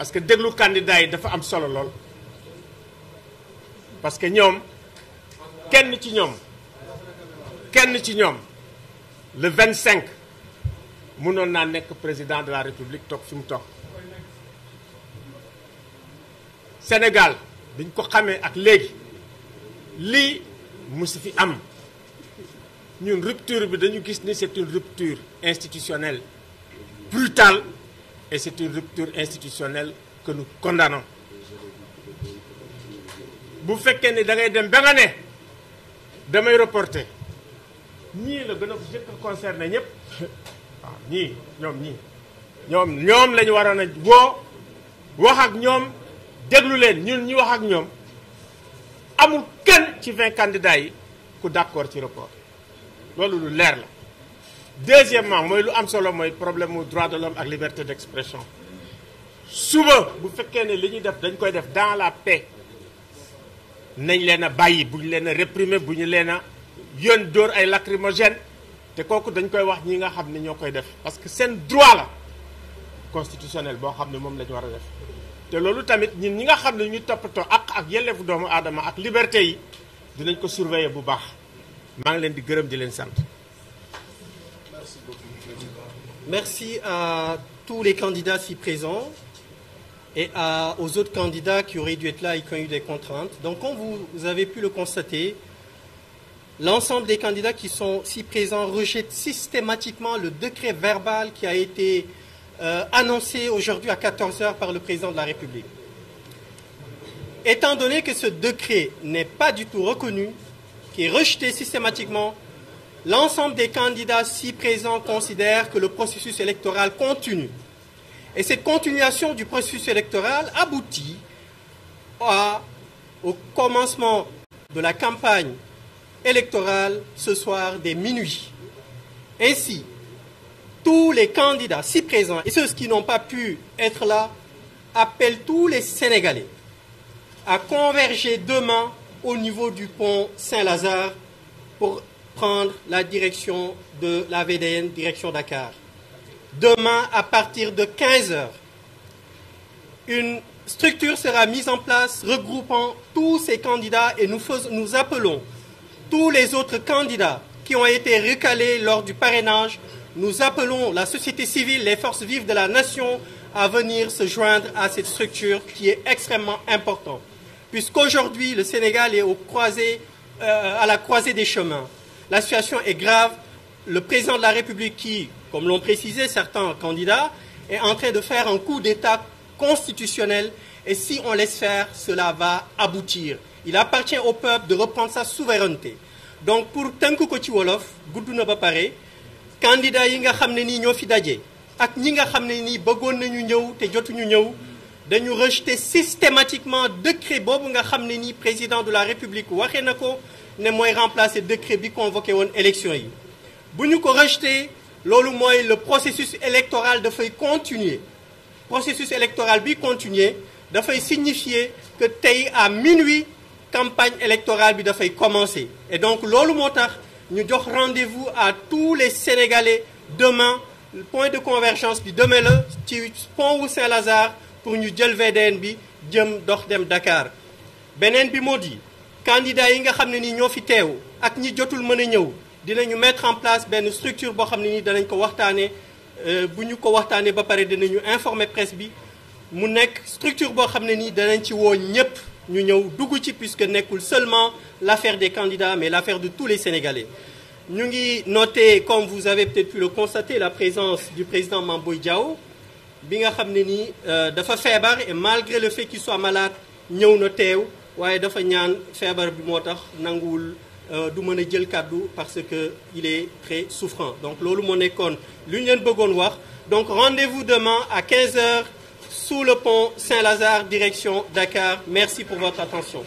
parce que déglu candidat yi dafa am solo lool parce que ñoom kenn ci ñoom kenn ci ñoom le 25 mënoon naa nekk président de la république toog fi mu toog Sénégal biñ ko xamee ak léegi lii su fi am ñun rupture bi dañu gis ni c'est une rupture institutionnelle brutale Et c'est une rupture institutionnelle bu fekkee ne da ngay dem ba nga ne damay reporter ñii la gën a jëkk a concerné ñëpp waaw ah, ñii ñoom ñii ñoom ñoom lañu ñu waroon a woo wax ak ñoom déglu leen ñun ñu wax ak ñoom amul kenn ci vingt candidats yi ku d'accord ci report loolu lu leer la deuxièmement mooy lu am solo mooy problème mu droit de l'homme ak liberté d'expression suba bu fekkee ne li ñuy def dañ koy def dans la paix nañ leen a bàyyi bu ñu leen a bu ñu leen a yoon dóor ay lacrymogène te kooku dañ koy wax ñi nga xam ni ñoo koy def parce que seen droit la constitutionnel boo xam ne moom la war a def te loolu tamit ñun ñi nga xam ne ñu toppatoo ak ak yelleefu doomu aadama ak liberté yi dinañ ko surveiller bu baax maa ngi leen di gërëm di leen sant Merci beaucoup. Merci à les candidats si présents et à, aux autres candidats qui auraient dû être là et des contraintes. Donc, comme vous, vous avez pu le constater, l'ensemble des candidats qui sont si présents rejettent systématiquement le décret verbal qui a été euh, annoncé aujourd'hui à 14 par le président de la République. Étant donné que ce décret n'est pas du tout reconnu, qui est rejeté systématiquement, L'ensemble des candidats si présents considèrent que le processus électoral continue. Et cette continuation du processus électoral aboutit à, au commencement de la campagne électorale ce soir dès minuit. Ainsi, tous les candidats si présents et ceux qui n'ont pas pu être là appellent tous les Sénégalais à converger demain au niveau du pont Saint-Lazare pour prendre la direction de la VDN, direction Dakar. Demain, à partir de 15 heures, une structure sera mise en place regroupant tous ces candidats et nous, faisons, nous appelons tous les autres candidats qui ont été recalés lors du parrainage. Nous appelons la société civile, les forces vives de la nation à venir se joindre à cette structure qui est extrêmement importante. Puisqu'aujourd'hui, le Sénégal est euh, à la croisée des chemins. La situation est grave. Le président de la République qui, comme l'ont précisé certains candidats, est en train de faire un coup d'État constitutionnel et si on laisse faire, cela va aboutir. Il appartient au peuple de reprendre sa souveraineté. donc pour tënk ko ci wolof gudd na ba pare candidat yi nga xam ne nii ñoo fi daje ak ñi nga xam ne nii bëggoon nañu ñëw te jotuñu ñëw dañu rejeter systématiquement décret boobu nga xam ne nii président de la république waxee na ko ne mooy remplacé décret bi convoqué woon élection yi bu ñu ko rejeté loolu mooy le processus électoral dafay continuer processus électoral bi continuer dafay signifier que tey à minuit campagne électorale bi dafay commencer et donc loolu moo tax ñu jox rendez-vous à tous les Sénégalais demain point de convergence bi demain la ci pont wu Saint-Lazare pour ñu jël VDN bi jëm dox dem Dakar beneen bi moo di candidats yi nga xam ne nii ñoo fi teew ak ñi jotul mën a ñëw dinañu mettre en place benn structure boo xam ne nii danañ ko waxtaanee euh, bu ñu ko waxtaanee ba pare dinañu informer presse bi mu nekk structure boo xam ne nii danañ ci woo ñëpp ñu ñëw dugg ci puisque nekkul seulement l'affaire des candidats mais l'affaire de tous les Sénégalais. ñu ngi noter comme vous avez peut-être pu le constater la présence du président Mamboy Diao bi nga xam ne nii euh, dafa feebar et malgré le ñëw na teew. waaye dafa ñaan feebar bi moo tax nanguwul euh, du mën a jël kàddu parce que il est très souffrant donc loolu moo nekkoon lu ñu leen bëggoon wax donc rendez-vous demain à 15 heures sous le pont Saint-Lazare direction Dakar merci pour votre attention